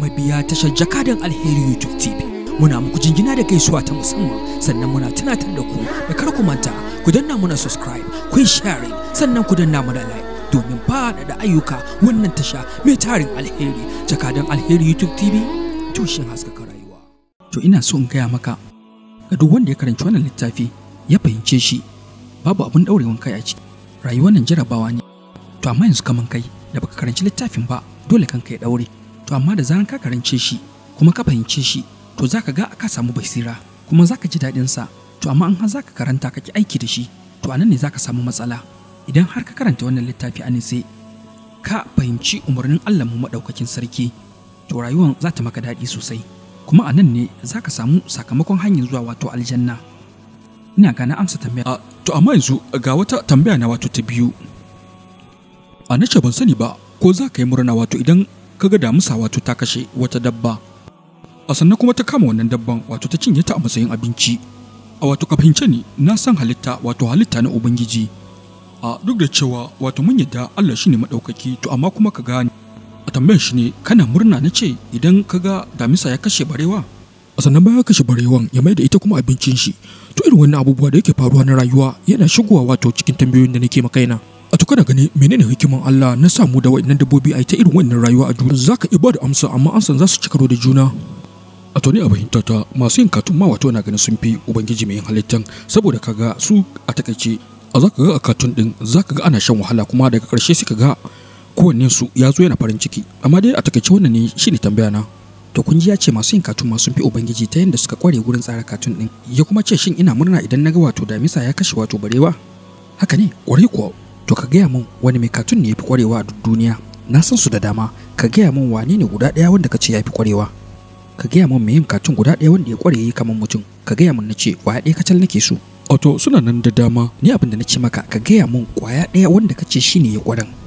mabiya tashar jakadan alheri youtube tv muna muku jingina da gaisuwa ta musamman sannan muna tunatar da ku da kar ku manta ku danna muna subscribe ku yi sannan ku danna muna like domin faɗaɗa ayyuka wannan tasha mai tarin alheri jakadan alheri youtube tv tushen haskaka rayuwa to ina so in gaya maka ga duk wanda ya karanci wannan littafi ya fahimce shi babu abin ɗaurewan kai a ciki rayuwar nan jarabawa ne to amma yanzu kaman kai da baka karanci littafin ba dole kanka ya daure. to amma da zaran ka karance shi kuma ka fahimce shi to za ka ga ka samu basira kuma za ka ji daɗin sa to amma an har za ka karanta ka ki aiki da shi to anan ne za ka samu matsala idan har ka karanta wannan littafi a sai ka fahimci umarnin Allah mu maɗaukakin sarki to rayuwar za ta maka daɗi sosai kuma a nan ne za ka samu sakamakon hanyar zuwa wato aljanna ina gane amsa tambaya a to amma yanzu ga wata tambaya na wato ta biyu a nace ban sani ba ko za ka yi murna wato idan kaga damusa wato ta kashe wata dabba a sannan kuma ta kama wannan dabban wato ta cinye ta a matsayin abinci a wato ka fahimce ni na san halitta wato halitta na ubangiji a duk da cewa wato mun yadda Allah shine maɗaukaki, to amma kuma ka gane a tambayar shi ne kana murna na ce idan ka ga damisa ya kashe barewa a sannan bayan kashe barewan ya mai da ita kuma abincin shi to irin wannan abubuwa da yake faruwa na rayuwa yana shigowa wato cikin tambayoyin da nake makaina kana gani menene hikiman Allah na samu da wayannan dabbobi a ta irin wannan rayuwa a duniya zaka iya ba da amsa amma an san za su ci karo da juna a to a tata masu yin katun ma wato na ganin sun fi ubangiji mai yin halittan saboda kaga su a takaice a zaka ga a katun din zaka ga ana shan wahala kuma daga karshe suka ga kowannen su ya zo yana farin ciki amma dai a takaice wannan ne shine tambaya na to kun ji ya ce masu yin katun ma sun fi ubangiji ta yadda suka kware gurin tsara katun din ya kuma ce shin ina murna idan na ga wato damisa ya kashe wato barewa haka ne kwarai kuwa to ka gaya min wani mai katun ne ya fi kwarewa a duniya na san su da dama ka gaya min wane ne guda ɗaya wanda ka ce ya fi kwarewa ka gaya min mai yin katun guda ɗaya wanda ya kware yi kamar mutum ka gaya min na ce kwaya ɗaya kacal nake so wato suna nan da dama ni abin da na ce maka ka gaya min kwaya ɗaya wanda ka ce shine ya kwaran.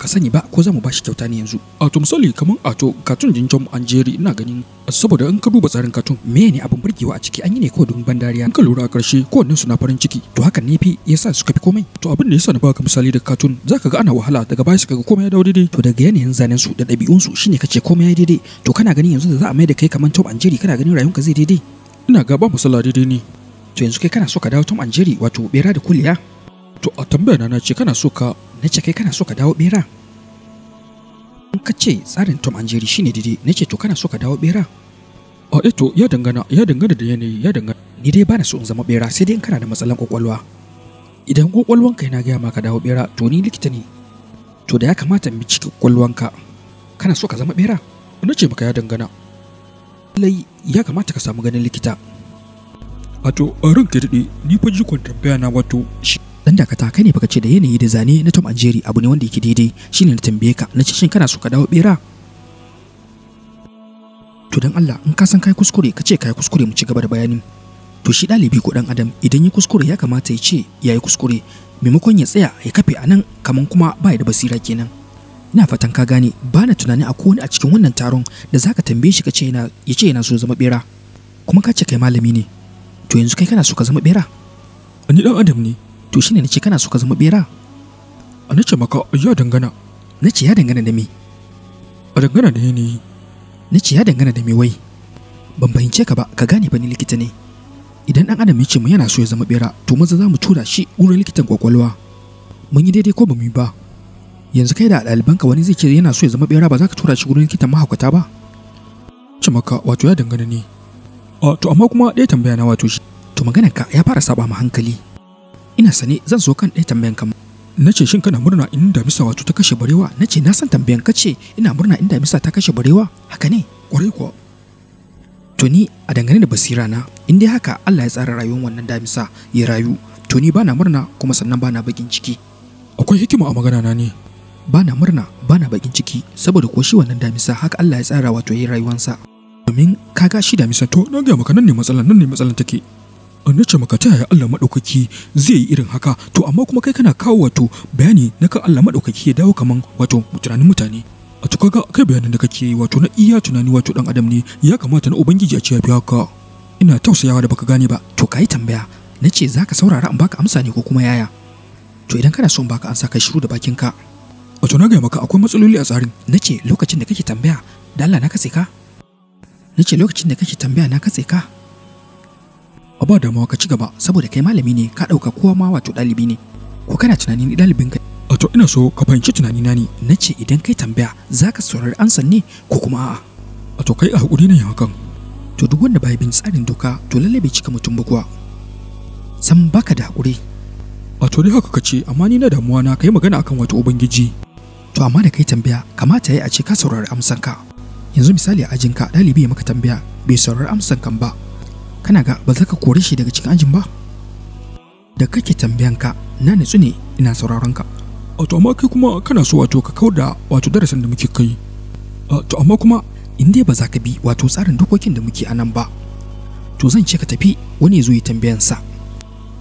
baka sani ba ko zamu mu bashi kyauta ne yanzu a to misali kamar a to katun jinjom an jeri ina ganin saboda in ka duba tsarin katun me ne abin burgewa a ciki an yi ne kawai domin ban dariya in ka lura a ƙarshe kowannen su farin ciki to haka ne fi yasa suka fi komai to abin da yasa na baka misali da katun zaka ga ana wahala daga baya suka ga komai ya dawo daidai to daga yanayin zanen su da ɗabi'un su shine kace komai ya daidai to kana ganin yanzu da za a mai da kai kamar tom an jeri kana ganin ka zai daidai ina ga ba misala daidai ne to yanzu kai kana so ka dawo tom an jeri wato bera da kuliya to a tambaya na ce kana so ka na ce kai kana so ka dawo bera in ka ce tsarin tom and jerry shine daidai na ce to kana so ka dawo bera a eto eh ya dangana ya dangana da yanayi ya dangana ni dai bana so in zama bera sai dai in kana da matsalan kwakwalwa idan kwakwalwanka yana gaya maka dawo bera to ni likita ne to da ya kamata in bi cikin Ka kana so ka zama bera na ce maka ya dangana lai ya kamata ka samu ganin likita wato a ranka daɗe ni fa jikon tambaya na wato shi dan dakata kai ne baka ce da yanayi da zane na Tom and abu ne wanda yake daidai shine na tambaye ka na ce shin kana so ka dawo bera to dan Allah in ka san kai kuskure ka ce kai kuskure mu ci gaba da bayani to shi ɗalibi ko dan adam idan ya kuskure ya kamata ya ce ya yi kuskure maimakon ya tsaya ya kafe a nan kaman kuma ba da basira kenan ina fatan ka gane ba na tunani a kowane a cikin wannan taron da zaka ka tambaye shi ka ce yana ya ce yana so zama bera kuma ka ce kai malami ne to yanzu kai kana so ka zama bera ni dan adam ne to shine nace kana so ka zama bera a nace maka ya dangana nace ya dangana da me a dangana da yanayi nace ya dangana da me wai ban fahimce ka ba ka gane ba ni likita ne idan dan adam yace mu yana so ya zama bera to maza za mu tura shi wurin likitan kwakwalwa mun yi daidai ko ba mu yi ba yanzu kai da ɗalibanka wani zai ce yana so ya zama bera ba za ka tura shi wurin likitan mahaukata ba ce maka wato ya dangana ne to amma kuma ɗaya tambaya na wato shi to maganar ka ya fara saba ma hankali ina sane zan so kan ɗaya tambayan kama na ce shin kana murna in damisa wato ta kashe barewa na ce na san tambayan ka ce ina murna in damisa ta kashe barewa haka ne kwarai kuwa to ni a dangane da basira na in dai haka Allah ya tsara rayuwar wannan damisa ya rayu to ni bana murna kuma sannan bana bakin ciki akwai hikima a magana na ne bana murna bana bakin ciki saboda ko shi wannan damisa haka Allah ya tsara wato yayin rayuwarsa domin kaga shi damisa to na ga maka nan ne matsalan nan ne matsalan take na ce maka ta yaya Allah maɗaukaki zai yi irin haka to amma kuma kai kana kawo wato bayani na kan Allah maɗaukaki ya dawo kaman wato mutanen mutane a to ga kai bayanin da kake wato na iya tunani wato dan adam ne ya kamata na ubangiji a ce ya fi haka ina tausayawa da baka gane ba to kai tambaya na ce zaka saurara in baka amsa ne ko kuma yaya to idan kana son baka amsa kai shiru da bakin ka wato na gaya maka akwai matsaloli a tsarin na ce lokacin da kake tambaya da Allah na katse ka na ce lokacin da kake tambaya na katse ka a ba damuwa ka ci gaba saboda kai malami ne ka ɗauka kowa ma wato ɗalibi ne ko kana tunanin ni dalibin ka a to ina so ka fahimci tunani na ne na ce idan kai tambaya za ka saurari ansan ne ko kuma a'a a to kai a hakuri ne hakan to duk wanda bai bin tsarin doka to lalle bai cika mutum ba kuwa san baka da hakuri a to dai haka kace amma ni na damuwa na kai magana akan wato ubangiji to amma da kai tambaya kamata yayi a ce ka saurari amsan ka yanzu misali a ajinka ɗalibi ya maka tambaya bai saurari amsan kan ba kana ga ba za ka kore shi daga cikin ajin ba da kake tambayanka na nutsu ne ina sauraron ka to amma kai kuma kana so wato ka kawar wato darasin da muke kai to amma kuma in dai ba za ka bi wato tsarin dokokin da muke anan ba to zan ce ka tafi wani ya zo yi tambayansa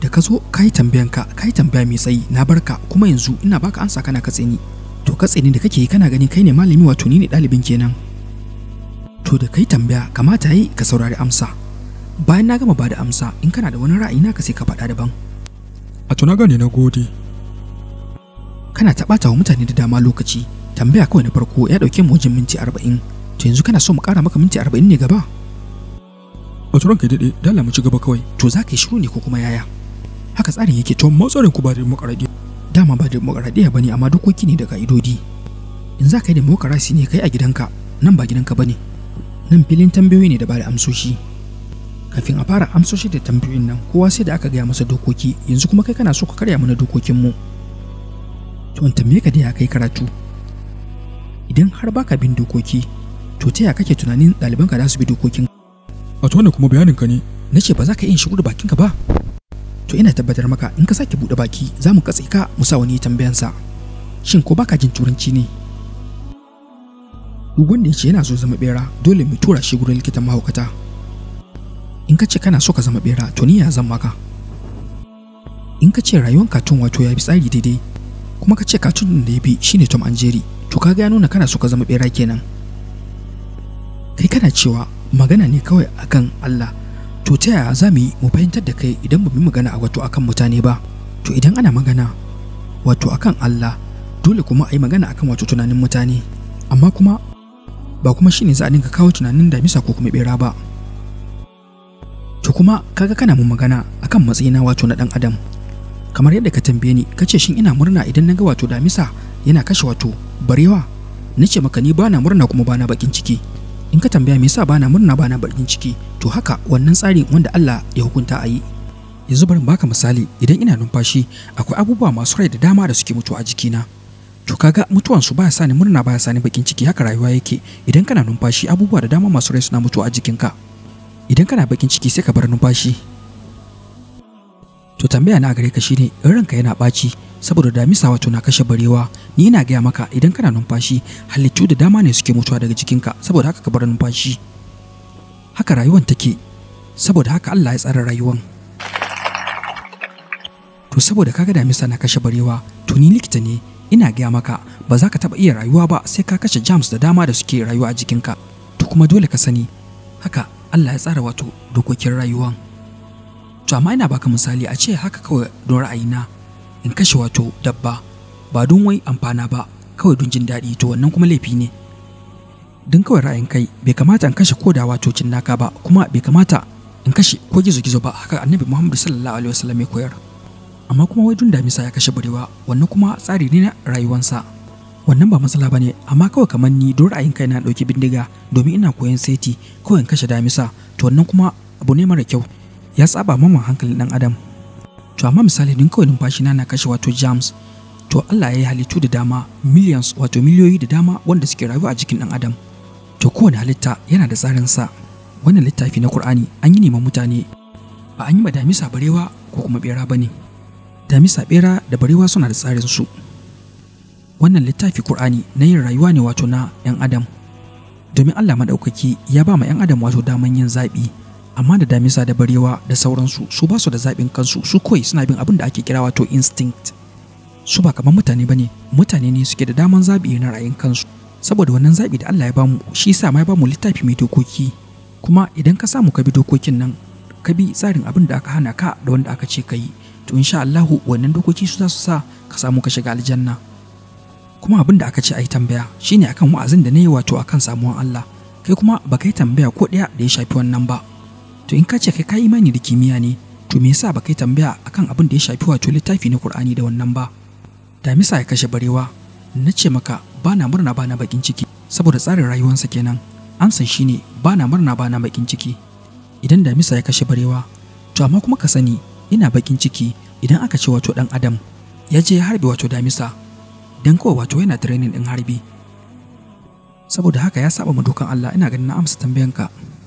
da ka zo ka yi tambayanka ka yi tambaya mai tsayi na barka kuma yanzu ina baka ansa kana katse ni to katse ni da kake yi kana gani kai ne malami wato ni ne ɗalibin kenan to da kai tambaya kamata yi ka saurari amsa bayan na gama bada amsa in kana da wani ra'ayi naka sai ka faɗa daban a tuna gane na gode kana ta ɓata wa mutane da dama lokaci tambaya kawai na farko ya ɗauke mu wajen minti arba'in to yanzu kana so mu ƙara maka minti arba'in ne gaba a turan ka daɗe dala mu ci gaba kawai to za ka yi shiru ne ko kuma yaya haka tsarin yake to amma tsarin ku ba da makaraɗi dama ba da makaraɗiya ba ne amma dokoki ne da ka'idodi in za ka yi demokarasi ne kai a gidanka nan ba gidanka ba ne nan filin tambayoyi ne da ba da amsoshi kafin a fara amsoshi da tambayoyin nan kowa sai da aka gaya masa dokoki yanzu kuma kai kana so ka karya mana dokokin mu to an tambaye ka da ya kai karatu idan har baka bin dokoki to ta ya kake tunanin ɗaliban ka za su bi dokokin a to wannan kuma bayanin ka ne na ce ba za ka iya shigo da bakin ka ba to ina tabbatar maka in ka sake buɗe baki za mu katse ka musa wani wani sa shin ko baka jin turanci ne duk wanda ya ce yana so zama bera dole mu tura shi gurin likitan mahaukata in ka ce kana so ka zama bera to ni ya zan maka in ka ce rayuwar katun wato ya bi tsari daidai kuma ka ce katun da ya bi shine Tom anjeri, to ka ga nuna kana so ka zama bera kenan kai kana cewa magana ne kawai akan Allah to ta yaya za mu yi mu fahimtar da kai idan ba mu magana a wato akan mutane ba to idan ana magana wato akan Allah dole kuma a yi magana akan wato tunanin mutane amma kuma ba kuma shine za a dinga kawo tunanin damisa ko kuma bera ba to kuma kaga kana mu magana akan matsayina wato na dan adam kamar yadda ka tambaye ni kace shin ina murna idan naga wato damisa yana kashe wato barewa nace maka ni bana murna kuma bana bakin ciki in ka tambaya me yasa bana murna bana bakin ciki to haka wannan tsarin wanda Allah ya hukunta a yi yanzu bari baka misali idan ina numfashi akwai abubuwa masu rai da dama da suke mutuwa a jikina to kaga mutuwan su ya sani murna ba baya sani bakin ciki haka rayuwa yake idan kana numfashi abubuwa da dama masu rai suna mutuwa a jikinka idan kana bakin ciki sai ka bar numfashi to tambaya na gare ka shine in ranka yana baci saboda damisa wato na kashe barewa ni ina gaya maka idan kana numfashi halittu da dama ne suke mutuwa daga jikinka saboda haka ka bar numfashi haka rayuwan take saboda haka Allah ya tsara rayuwan to saboda kaga damisa na kashe barewa to ni likita ne ina gaya maka ba za ka taɓa iya rayuwa ba sai ka kashe jams da dama da suke rayuwa a jikinka to kuma dole ka sani haka Allah ya tsara wato dokokin rayuwan to amma ina baka misali a ce haka kawai don na in kashe wato dabba ba don wai amfana ba kawai don jin daɗi to wannan kuma laifi ne don kawai ra'ayin kai bai kamata in kashe koda wato cin naka ba kuma bai kamata in kashe ko gizo gizo ba haka annabi muhammadu sallallahu alaihi wasallam ya koyar amma kuma wai don damisa ya kashe barewa wannan kuma tsari ne na rayuwansa wannan ba matsala bane amma kawai kamar ni don ra'ayin kai na ɗauki bindiga domin ina koyon saiti kawai in kashe damisa to wannan kuma abu ne mara kyau ya tsaba mama hankalin ɗan adam to amma misali din kawai numfashi na na kashe wato jams to Allah ya yi halittu da dama millions wato miliyoyi da dama wanda suke rayuwa a jikin ɗan adam to kowane halitta yana da tsarin sa wannan littafi na Kur'ani an yi ma mutane ba an yi ma damisa barewa ko kuma bera bane damisa bera da barewa suna da tsarin su wannan littafi Kur'ani na yin rayuwa ne wato na 'yan Adam. Domin Allah maɗaukaki ya ba ma 'yan Adam wato daman yin zaɓi, amma da damisa da barewa da sauransu su ba su da zaɓin kansu su kawai suna bin abin da ake kira wato instinct. Su ba kamar mutane ba ne, mutane ne suke da daman zaɓi na ra'ayin kansu. Saboda wannan zaɓi da Allah ya ba mu shi sa ma ya bamu littafi mai dokoki. Kuma idan ka samu ka bi dokokin nan, ka bi tsarin abin da aka hana ka da wanda aka ce ka yi, to insha Allahu wannan dokoki su za su sa ka samu ka shiga aljanna. kuma abin da aka ce a yi tambaya ne akan wa'azin da na yi wato akan samuwan Allah kai kuma ba yi tambaya ko ɗaya da ya shafi wannan ba to in ka ce kai ka imani da kimiyya ne to me yasa ba kai tambaya akan abin da ya shafi wato littafi na Kur'ani da wannan ba damisa ya kashe barewa na ce maka ba na murna ba na bakin ciki saboda tsarin rayuwarsa kenan an shi shine ba na murna ba na bakin ciki idan damisa ya kashe barewa to amma kuma ka sani ina bakin ciki idan aka ce wato dan adam ya je ya harbe wato damisa don kawai wato yana training ɗin harbi saboda haka ya saba ma dokan Allah ina ganin na amsa tambayanka